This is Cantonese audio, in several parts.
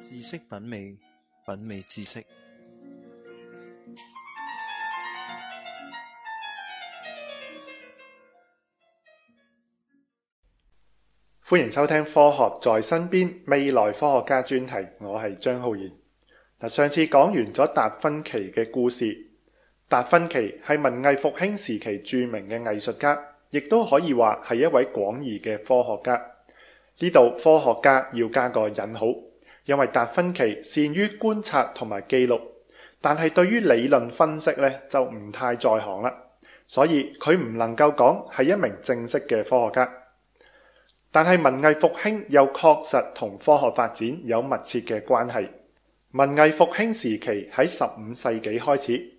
知識品味，品味知識。歡迎收聽《科學在身邊》未來科學家專題，我係張浩然。嗱，上次講完咗達芬奇嘅故事，達芬奇係文藝復興時期著名嘅藝術家，亦都可以話係一位廣義嘅科學家。呢度科學家要加個引號，因為達芬奇善於觀察同埋記錄，但係對於理論分析呢，就唔太在行啦，所以佢唔能夠講係一名正式嘅科學家。但係文藝復興又確實同科學發展有密切嘅關係。文藝復興時期喺十五世紀開始，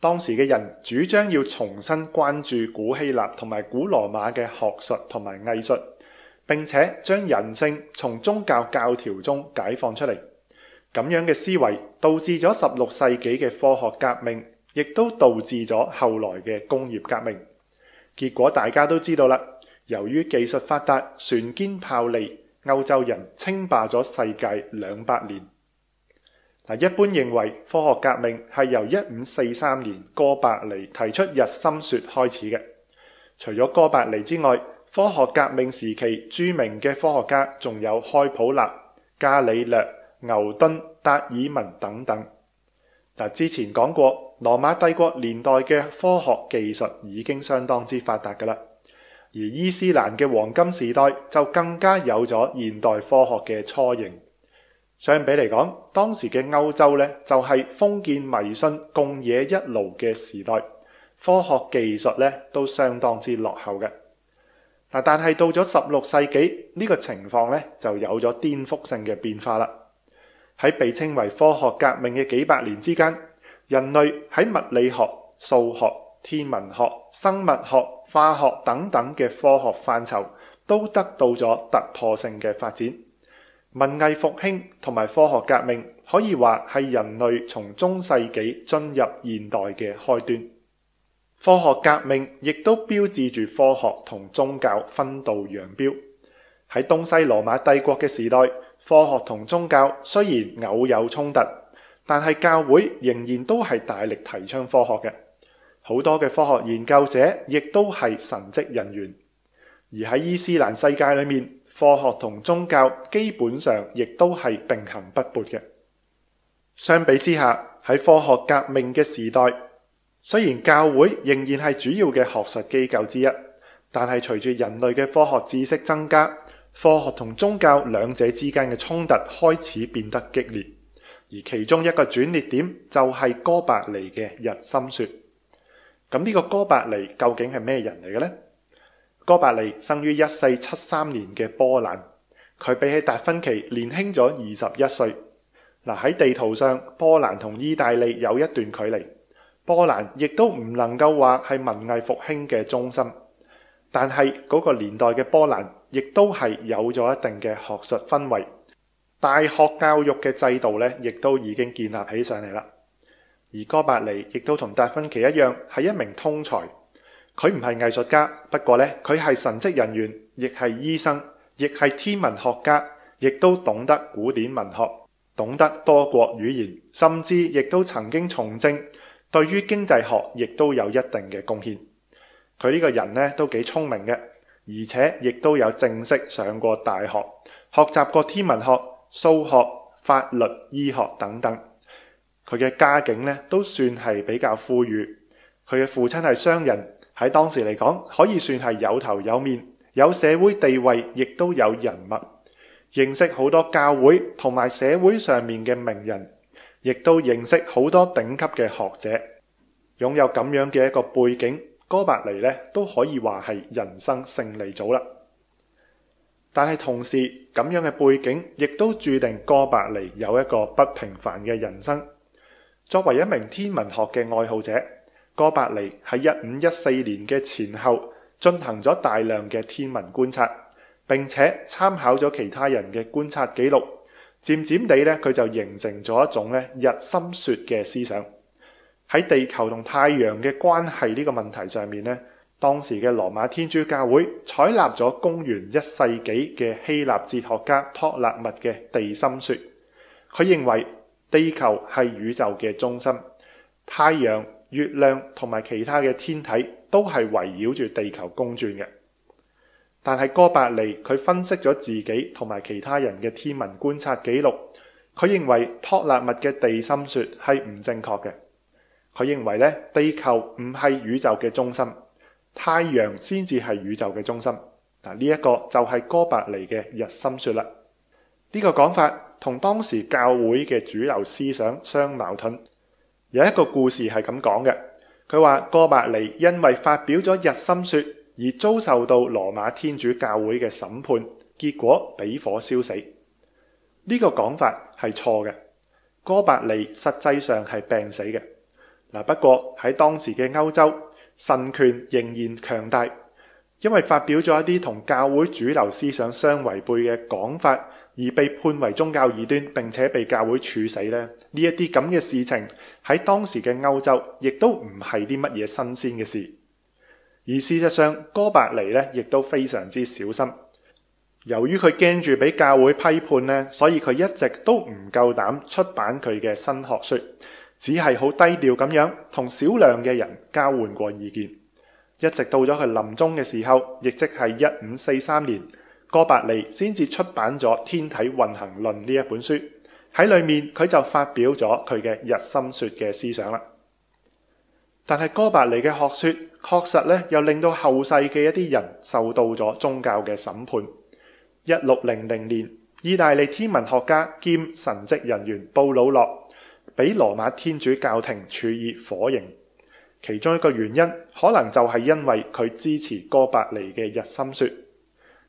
當時嘅人主張要重新關注古希臘同埋古羅馬嘅學術同埋藝術。並且將人性從宗教教條中解放出嚟，咁樣嘅思維導致咗十六世紀嘅科學革命，亦都導致咗後來嘅工業革命。結果大家都知道啦，由於技術發達、船堅炮利，歐洲人稱霸咗世界兩百年。嗱，一般認為科學革命係由一五四三年哥白尼提出日心說開始嘅。除咗哥白尼之外，科學革命時期，著名嘅科學家仲有開普勒、伽利略、牛頓、達爾文等等。嗱，之前講過，羅馬帝國年代嘅科學技術已經相當之發達㗎喇，而伊斯蘭嘅黃金時代就更加有咗現代科學嘅雛形。相比嚟講，當時嘅歐洲呢，就係封建迷信、共冶一爐嘅時代，科學技術呢，都相當之落後嘅。但係到咗十六世紀，呢個情況咧，就有咗顛覆性嘅變化啦。喺被稱為科學革命嘅幾百年之間，人類喺物理學、數學、天文學、生物學、化學等等嘅科學範疇，都得到咗突破性嘅發展。文藝復興同埋科學革命，可以話係人類從中世紀進入現代嘅開端。科學革命亦都標誌住科學同宗教分道揚鑣。喺東西羅馬帝國嘅時代，科學同宗教雖然偶有衝突，但係教會仍然都係大力提倡科學嘅。好多嘅科學研究者亦都係神職人員。而喺伊斯蘭世界裏面，科學同宗教基本上亦都係並行不悖嘅。相比之下，喺科學革命嘅時代，雖然教會仍然係主要嘅學術機構之一，但係隨住人類嘅科學知識增加，科學同宗教兩者之間嘅衝突開始變得激烈，而其中一個轉捩點就係哥白尼嘅日心說。咁呢個哥白尼究竟係咩人嚟嘅呢？哥白尼生於一四七三年嘅波蘭，佢比起達芬奇年輕咗二十一歲。嗱，喺地圖上，波蘭同意大利有一段距離。波蘭亦都唔能夠話係文藝復興嘅中心，但係嗰個年代嘅波蘭亦都係有咗一定嘅學術氛圍，大學教育嘅制度呢，亦都已經建立起上嚟啦。而哥白尼亦都同達芬奇一樣係一名通才，佢唔係藝術家，不過呢，佢係神職人員，亦係醫生，亦係天文學家，亦都懂得古典文學，懂得多國語言，甚至亦都曾經從政，對於經濟學亦都有一定嘅貢獻，佢呢個人呢都幾聰明嘅，而且亦都有正式上過大學，學習過天文學、數學、法律、醫學等等。佢嘅家境呢都算係比較富裕，佢嘅父親係商人，喺當時嚟講可以算係有頭有面，有社會地位，亦都有人脈，認識好多教會同埋社會上面嘅名人。亦都認識好多頂級嘅學者，擁有咁樣嘅一個背景，哥白尼呢都可以話係人生勝利組啦。但係同時，咁樣嘅背景亦都注定哥白尼有一個不平凡嘅人生。作為一名天文學嘅愛好者，哥白尼喺一五一四年嘅前後進行咗大量嘅天文觀察，並且參考咗其他人嘅觀察記錄。漸漸地咧，佢就形成咗一種咧日心說嘅思想。喺地球同太陽嘅關係呢個問題上面咧，當時嘅羅馬天主教會採納咗公元一世紀嘅希臘哲學家托勒密嘅地心說。佢認為地球係宇宙嘅中心，太陽、月亮同埋其他嘅天體都係圍繞住地球公轉嘅。但係哥白尼佢分析咗自己同埋其他人嘅天文觀察記錄，佢認為托勒密嘅地心說係唔正確嘅。佢認為咧，地球唔係宇宙嘅中心，太陽先至係宇宙嘅中心。嗱，呢一個就係哥白尼嘅日心說啦。呢個講法同當時教會嘅主流思想相矛盾。有一個故事係咁講嘅，佢話哥白尼因為發表咗日心說。而遭受到羅馬天主教會嘅審判，結果俾火燒死。呢個講法係錯嘅。哥白尼實際上係病死嘅。嗱，不過喺當時嘅歐洲，神權仍然強大，因為發表咗一啲同教會主流思想相違背嘅講法，而被判為宗教異端，並且被教會處死咧。呢一啲咁嘅事情喺當時嘅歐洲，亦都唔係啲乜嘢新鮮嘅事。而事實上，哥白尼咧亦都非常之小心。由於佢驚住俾教會批判咧，所以佢一直都唔夠膽出版佢嘅新學說，只係好低調咁樣同少量嘅人交換過意見。一直到咗佢臨終嘅時候，亦即係一五四三年，哥白尼先至出版咗《天體運行論》呢一本書。喺裡面佢就發表咗佢嘅日心說嘅思想啦。但係哥白尼嘅學說確實咧，又令到後世嘅一啲人受到咗宗教嘅審判。一六零零年，意大利天文學家兼神職人員布魯諾，俾羅馬天主教廷處以火刑。其中一個原因，可能就係因為佢支持哥白尼嘅日心說。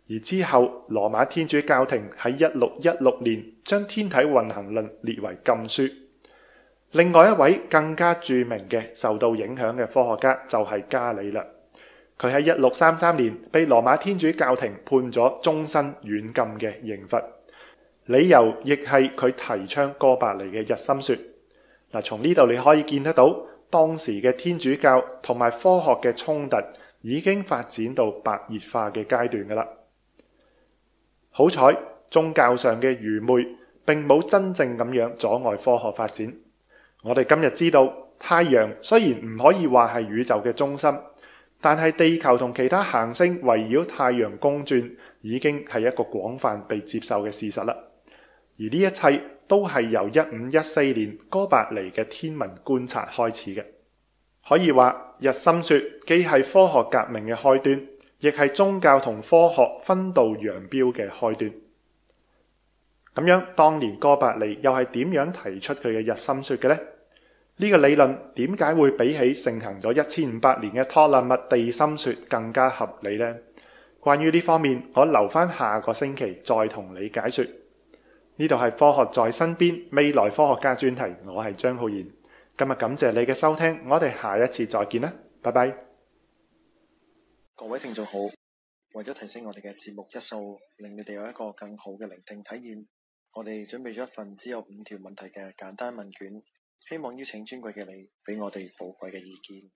而之後，羅馬天主教廷喺一六一六年將天體運行論列為禁書。另外一位更加著名嘅受到影響嘅科學家就係、是、伽利略。佢喺一六三三年被羅馬天主教廷判咗終身軟禁嘅刑罰，理由亦係佢提倡哥白尼嘅日心說。嗱，從呢度你可以見得到當時嘅天主教同埋科學嘅衝突已經發展到白熱化嘅階段噶啦。好彩宗教上嘅愚昧並冇真正咁樣阻礙科學發展。我哋今日知道太陽雖然唔可以話係宇宙嘅中心，但係地球同其他行星圍繞太陽公轉，已經係一個廣泛被接受嘅事實啦。而呢一切都係由一五一四年哥白尼嘅天文觀察開始嘅。可以話日心說既係科學革命嘅開端，亦係宗教同科學分道揚鑣嘅開端。咁樣當年哥白尼又係點樣提出佢嘅日心說嘅呢？呢個理論點解會比起盛行咗一千五百年嘅托勒密地心說更加合理呢？關於呢方面，我留翻，下個星期再同你解說。呢度係科學在身邊未來科學家專題，我係張浩然。今日感謝你嘅收聽，我哋下一次再見啦，拜拜。各位聽眾好，為咗提升我哋嘅節目質素，令你哋有一個更好嘅聆聽體驗，我哋準備咗一份只有五條問題嘅簡單問卷。希望邀請尊貴嘅你，俾我哋寶貴嘅意見。